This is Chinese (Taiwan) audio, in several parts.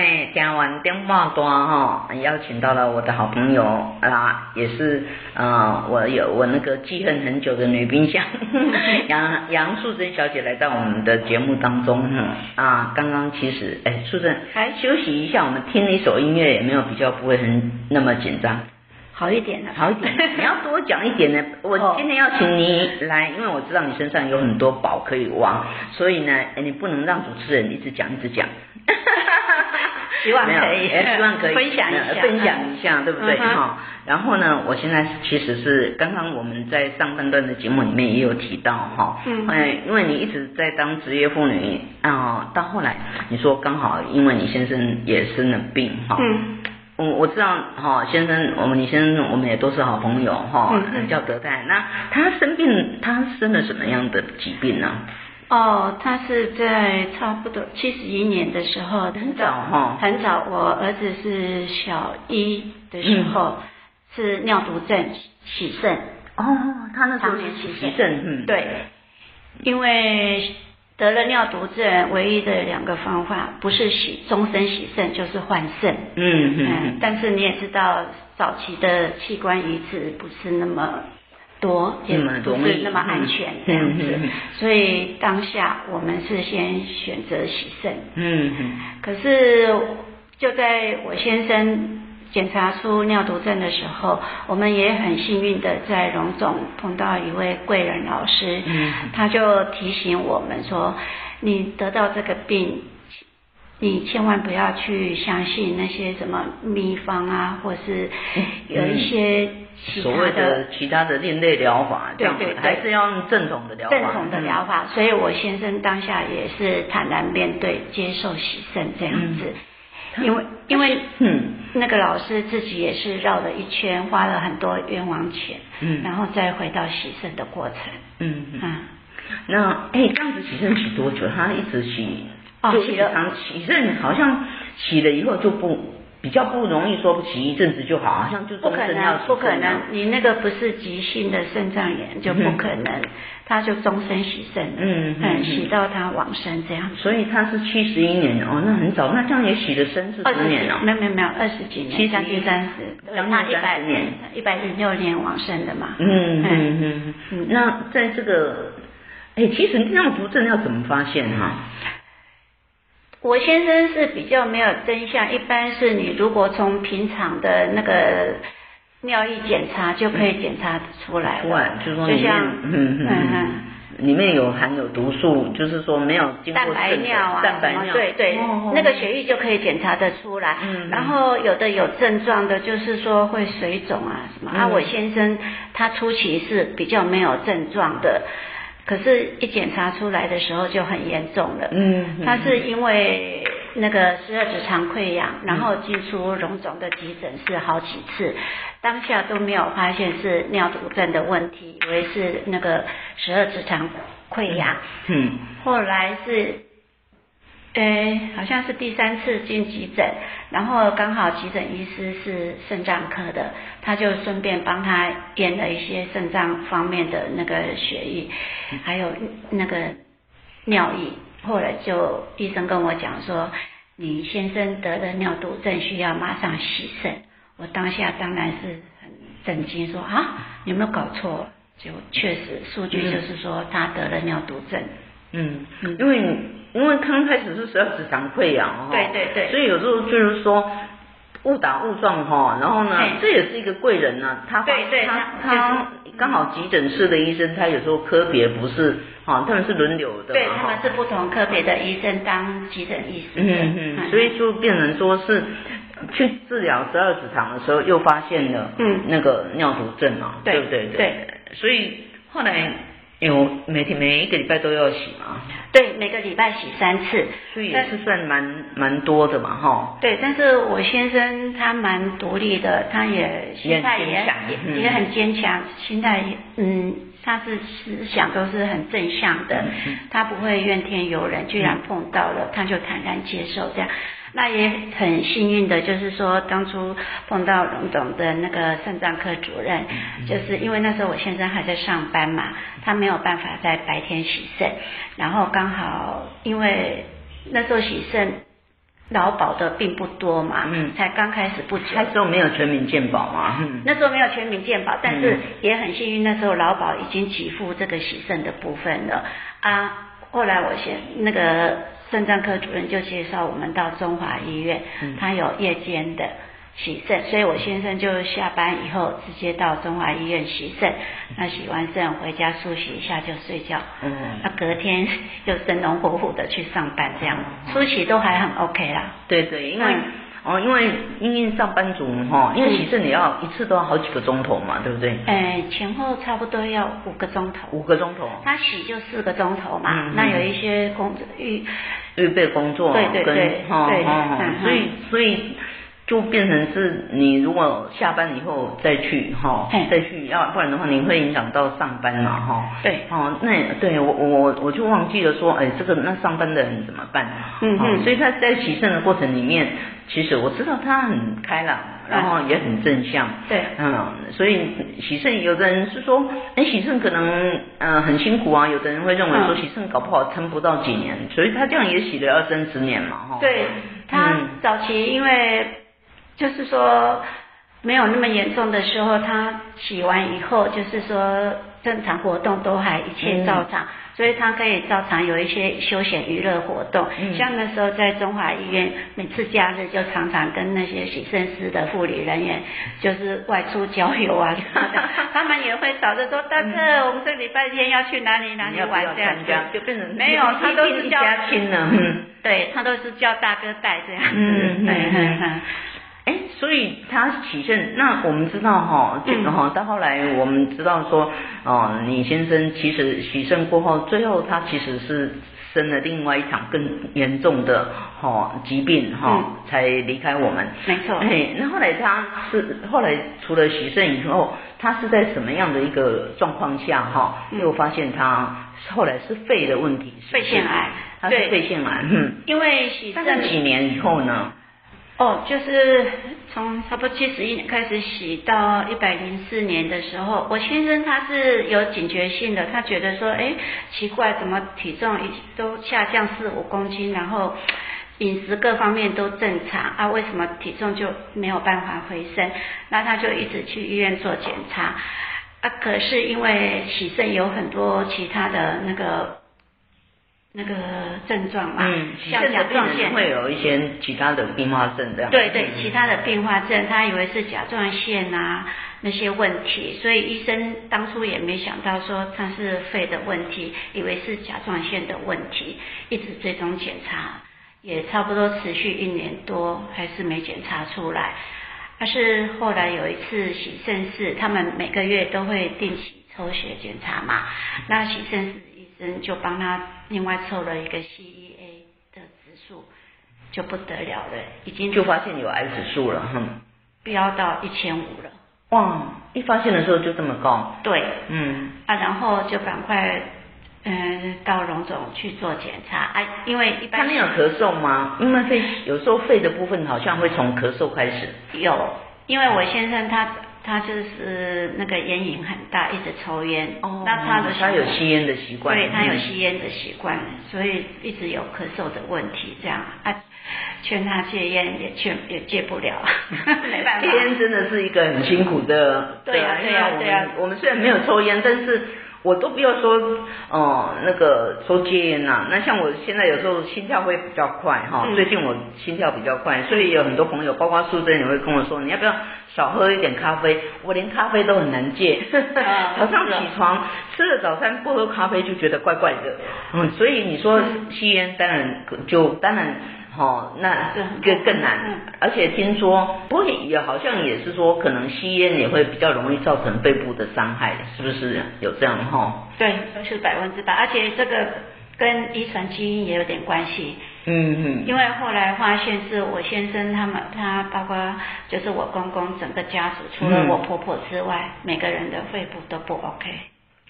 哎，講完電話多哈，邀請到了我的好朋友啊，也是呃，我有我那個記恨很久的女冰箱楊楊 素真小姐來到我們的節目當中哈、嗯、啊，剛剛其實哎、欸、素真，還休息一下，我們聽一首音樂也沒有比較不會很那麼緊張、啊，好一點好一點， 你要多講一點呢。我今天要請你、哦、來，因為我知道你身上有很多寶可以挖，所以呢、欸，你不能讓主持人一直講一直講。 哎，希望可以分享一下，對不對？哈、嗯哼，然後呢，我現在其實是剛剛我們在上半段的節目裡面也有提到，哈、嗯哼，嗯，因為你一直在當職業婦女，啊，到後來你說剛好因為你先生也生了病，哈，嗯，我我知道，哈，先生，我們你先生我們也都是好朋友，哈，叫德泰。那他生病，他生了什麼樣的疾病呢？哦，oh, 他是在差不多七十一年的時候，很早哈、哦，很早。我兒子是小一的時候，是、嗯、尿毒症洗腎。哦，oh, 他那時候也洗腎，嗯，對。因為得了尿毒症，唯一的兩個方法，不是洗，終身洗腎，就是換腎、嗯嗯。嗯嗯。但是你也知道，早期的器官移植不是那麼多也不是那麼安全這樣子，嗯嗯嗯嗯嗯、所以當下我們是先選擇洗腎、嗯。嗯，嗯可是就在我先生檢查出尿毒症的時候，我們也很幸運的在榮總碰到一位貴人老師，他就提醒我們說，你得到這個病。你千萬不要去相信那些什麼秘方啊，或是有一些其他的、嗯、所謂的其他的另類療法，這樣子。對，對對，還是要用正統的療法。正統的療法，嗯、所以我先生當下也是坦然面對，接受洗腎這樣子。嗯、因為因為嗯那個老師自己也是繞了一圈，花了很多冤枉錢。嗯。然後再回到洗腎的過程。嗯嗯。嗯嗯那哎，這樣子洗腎洗多久？他一直洗。嗯哦，洗好像洗了以後就不比較不容易說不起一陣子就好，好像就終身不可能，不可能，你那個不是急性的腎臟炎就不可能，嗯、哼他就終身洗腎了，嗯哼哼，洗到他往生這樣子。所以他是七十一年哦，那很早，那這樣也洗了腎是十年哦，沒有沒有沒有二十幾年。七十三、七三十，那一百年，一百零六年往生的嘛。嗯嗯嗯，那在這個，哎，其實尿毒症要怎麼發現哈？我先生是比較沒有徵象，一般是你如果從平常的那個尿液檢查、嗯、就可以檢查出來了，就,就像裡面嗯嗯裡面有含有毒素，就是說沒有經過尿啊蛋白尿啊，對對，對哦哦那個血液就可以檢查得出來。嗯、哼然後有的有症狀的，就是說會水腫啊什麼。嗯、啊我先生他初期是比較沒有症狀的。可是，一檢查出來的時候就很嚴重了。嗯，他、嗯嗯、是因為那個十二指腸潰瘍，嗯、然後進出榮總的急診室好幾次，當下都沒有發現是尿毒症的問題，以為是那個十二指腸潰瘍。嗯，後來是。誒，好像是第三次進急診，然後剛好急診醫師是腎臟科的，他就順便幫他驗了一些腎臟方面的那個血液，還有那個尿液。後來就醫生跟我講說，你先生得了尿毒症，需要馬上洗腎。我當下當然是很震驚，說啊，你有沒有搞錯？就確實數據就是說他得了尿毒症。嗯，嗯因，因為因為剛開始是十二指腸潰瘍哈，對對對，所以有時候就是說誤打誤撞哈，然後呢，嘿這也是一個貴人吶、啊，他對對對他他剛好急診室的醫生，他有時候科別不是哈，他們是輪流的，對，他們是不同科別的醫生當急診醫師，嗯嗯，所以就變成說是去治療十二指腸的時候，又發現了那個尿毒症嘛，嗯、對不對，對？對，所以後來。因為我每天每一個禮拜都要洗嘛，對，每個禮拜洗三次，所以也是算蠻但蠻多的嘛，哈。對，但是我先生他蠻獨立的，他也心態也也很堅強，心態嗯，他是思想都是很正向的，嗯、他不會怨天尤人，既然碰到了，嗯、他就坦然接受這樣。那也很幸運的，就是說當初碰到榮總的那個腎臟科主任，就是因為那時候我先生還在上班嘛，他沒有辦法在白天洗腎，然後剛好因為那時候洗腎勞保的並不多嘛，嗯，才剛開始不久，那時候沒有全民健保嘛，那時候沒有全民健保，但是也很幸運，那時候勞保已經給付這個洗腎的部分了啊。後來我先那個腎臟科主任就介紹我們到中華醫院，嗯、他有夜間的洗腎，所以我先生就下班以後直接到中華醫院洗腎，那洗完腎回家梳洗一下就睡覺，嗯、啊，隔天又生龍活虎的去上班，這樣梳洗、嗯嗯、都還很 OK 啦，對對，因為，嗯哦，因為因為上班族哈，因為洗腎你要一次都要好幾個鐘頭嘛，對不對？哎，前後差不多要五個鐘頭。五個鐘頭？他洗就四個鐘頭嘛，嗯嗯、那有一些工作預預備工作，對對對，跟對、哦、對、哦嗯所，所以所以。就變成是你如果下班以後再去哈，再去要不然的話，你會影響到上班嘛哈對。對，哦，那對我我我就忘記了說，哎、欸，這個那上班的人怎麼辦？嗯嗯哼，所以他在洗腎的過程裡面，其實我知道他很開朗，然後也很正向。對，嗯，所以洗腎有的人是說，哎、欸，洗腎可能嗯、呃、很辛苦啊，有的人會認為說洗腎搞不好撐不到幾年，所以他這樣也洗了二三十年嘛哈。嗯、對他早期因為。就是說沒有那麼嚴重的時候，他洗完以後，就是說正常活動都還一切照常，所以他可以照常有一些休閒娛樂活動，像那時候在中華醫院，每次假日就常常跟那些洗腎室的護理人員，就是外出郊遊啊什麼的，他們也會找着說大哥，我們這禮拜天要去哪裡哪裡玩這樣子，就變成沒有他都是叫家親了。對他都是叫大哥帶這樣嗯嗯。哎，所以他洗腎，那我們知道哈、哦，這個哈，到後來我們知道說，哦，你先生其實洗腎過後，最後他其實是生了另外一場更嚴重的哦疾病哈、哦，嗯、才離開我們。沒錯。哎，那後來他是後來除了洗腎以後，他是在什麼樣的一個狀況下哈，哦嗯、又發現他後來是肺的問題，肺腺癌，他是肺腺癌。對嗯、因為洗腎是幾年以後呢？哦，oh, 就是從差不多七十一年開始洗到一百零四年的時候，我先生他是有警覺性的，他覺得說，哎，奇怪，怎麼體重都下降四五公斤，然後飲食各方面都正常啊，為什麼體重就沒有辦法回升？那他就一直去醫院做檢查啊，可是因為洗腎有很多其他的那個。那個症狀嘛，嗯、像甲狀腺會有一些其他的併發症這樣。對對，對對其他的變化症，嗯、他以為是甲狀腺啊那些問題，所以醫生當初也沒想到說他是肺的問題，以為是甲狀腺的問題，一直追蹤檢查，也差不多持續一年多，還是沒檢查出來。但是後來有一次洗腎時，他們每個月都會定期抽血檢查嘛，嗯、那洗腎時。就幫他另外湊了一個 C E A 的指數，就不得了了，已經就發現有癌指數了，哼、嗯，飆到一千五了。哇、哦！一發現的時候就這麼高？對，嗯，啊，然後就趕快嗯到榮總去做檢查啊，因為一般他沒有咳嗽嗎？因為肺有時候肺的部分好像會從咳嗽開始。有，因為我先生他。他就是那個菸癮很大，一直抽菸。哦，那他的他有吸菸的習慣？對，嗯、他有吸菸的習慣，所以一直有咳嗽的問題。這樣，啊，勸他戒菸也勸也戒不了，沒辦法。戒菸真的是一個很辛苦的。對對啊，對啊，對啊，對啊我。我們雖然沒有抽菸，但是。我都不要說，哦、嗯，那個說戒菸啦、啊。那像我現在有時候心跳會比較快哈、哦，最近我心跳比較快，所以有很多朋友，包括素真也會跟我說，你要不要少喝一點咖啡？我連咖啡都很難戒，嗯、 早上起床、啊、吃了早餐不喝咖啡就覺得怪怪的。嗯，所以你說吸菸當然就當然。就當然哦，那更更難，對而且聽說，不、嗯、也好像也是說，可能吸菸也會比較容易造成肺部的傷害，是不是有這樣的、哦、哈？對，都是百分之百，而且這個跟遺傳基因也有點關係。嗯嗯哼。因為後來發現是我先生他們，他包括就是我公公整個家族，除了我婆婆之外，嗯、每個人的肺部都不 OK。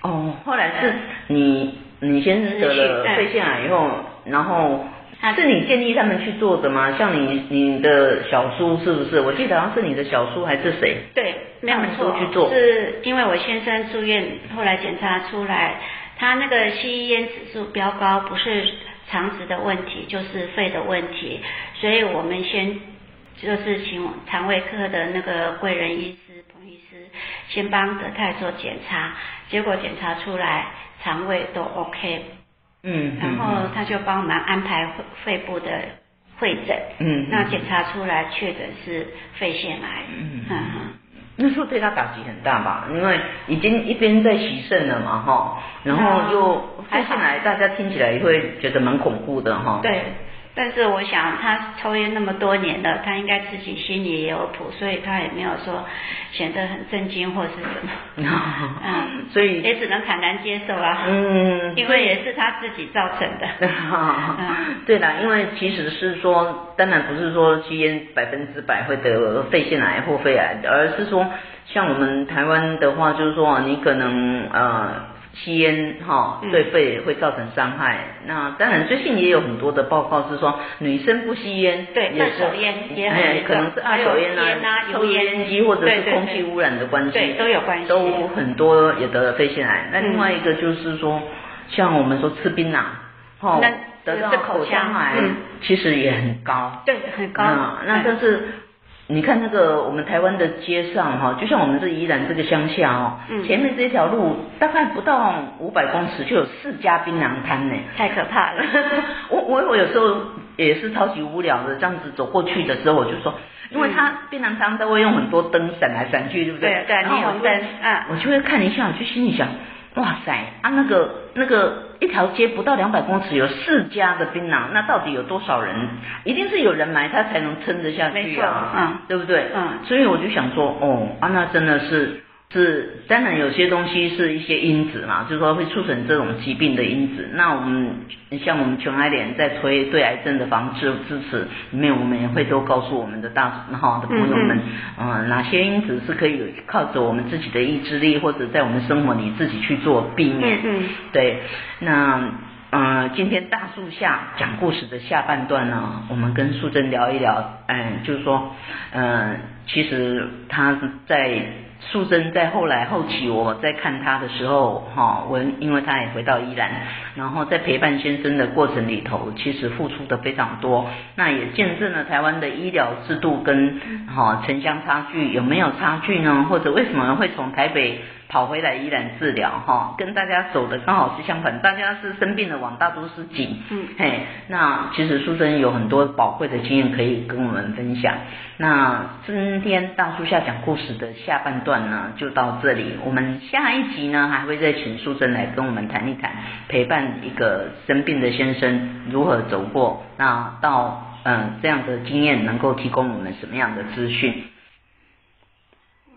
哦，後來是你你先生得了肺腺癌以後，嗯、然後。嗯啊、是你建議他們去做的嗎？像你你的小叔是不是？我記得好像是你的小叔還是誰？對，沒有錯，他們說去做。是因為我先生住院，後來檢查出來他那個吸煙指數飆高，不是腸子的問題，就是肺的問題。所以我們先就是請腸胃科的那個貴人醫師彭醫師先幫德泰做檢查，結果檢查出來腸胃都 OK。嗯，然後他就幫我們安排肺部的會診，嗯哼，那檢查出來確診是肺腺癌，嗯嗯哼，那時候對他打擊很大吧，因為已經一邊在洗腎了嘛，哈，然後又肺腺癌，大家聽起來也會覺得蠻恐怖的哈、嗯，對。但是我想他抽煙那麼多年了，他應該自己心裡也有譜，所以他也沒有說顯得很震驚或是什麼。嗯、所以也只能坦然接受啦、啊。嗯，因為也是他自己造成的。以嗯、對啦，因為其實是說，當然不是說吸煙百分之百會得肺腺癌或肺癌，而是說像我們台灣的話，就是說你可能、呃吸煙哈，對肺會造成傷害。那當然，最近也有很多的報告是說，女生不吸煙，對，二手煙也很可能，二手煙啊、抽煙機或者是空氣污染的關係，都有關係，都很多也得了肺腺癌。那另外一個就是說，像我們說吃檳榔，那得到口腔癌其實也很高，對，很高。那但是。你看那個我們台灣的街上哈，就像我們這宜蘭這個鄉下哦，前面這條路大概不到五百公尺就有四家檳榔攤呢，太可怕了。我我我有時候也是超級無聊的，這樣子走過去的時候，我就說，嗯、因為他檳榔攤都會用很多燈閃來閃去，對不對？對，對，你有燈，嗯，我就會看一下，我就心裡想。哇塞！啊，那個、那個一條街不到兩百公尺有四家的檳榔，那到底有多少人？一定是有人買他才能撐得下去沒錯啊、嗯，對不對？嗯，所以我就想說，哦，啊，那真的是。是，當然有些東西是一些因子嘛，就是說，會促成這種疾病的因子。那我們像我們全癌連在推對癌症的防治支持裡面，我們也會都告訴我們的大樹下的朋友們，嗯哼、呃，哪些因子是可以靠着我們自己的意志力，或者在我們生活裡自己去做避免。嗯哼，對，那嗯、呃，今天大樹下講故事的下半段呢，我們跟素真聊一聊，嗯、呃，就是說，嗯、呃。其實他在素真在後來後期，我在看他的時候，哈，我因為他也回到宜蘭，然後在陪伴先生的過程裡頭，其實付出的非常多。那也見證了台灣的醫療制度跟哈城鄉差距有沒有差距呢？或者為什麼會從台北跑回來宜蘭治療？哈，跟大家走的剛好是相反，大家是生病的往大都市擠。嗯，嘿，那其實素真有很多寶貴的經驗可以跟我們分享。那真。今天大樹下講故事的下半段呢，就到這裡。我們下一集呢，還會再請素真來跟我們談一談，陪伴一個生病的先生如何走過，那到嗯、呃、這樣的經驗能夠提供我們什麼樣的資訊。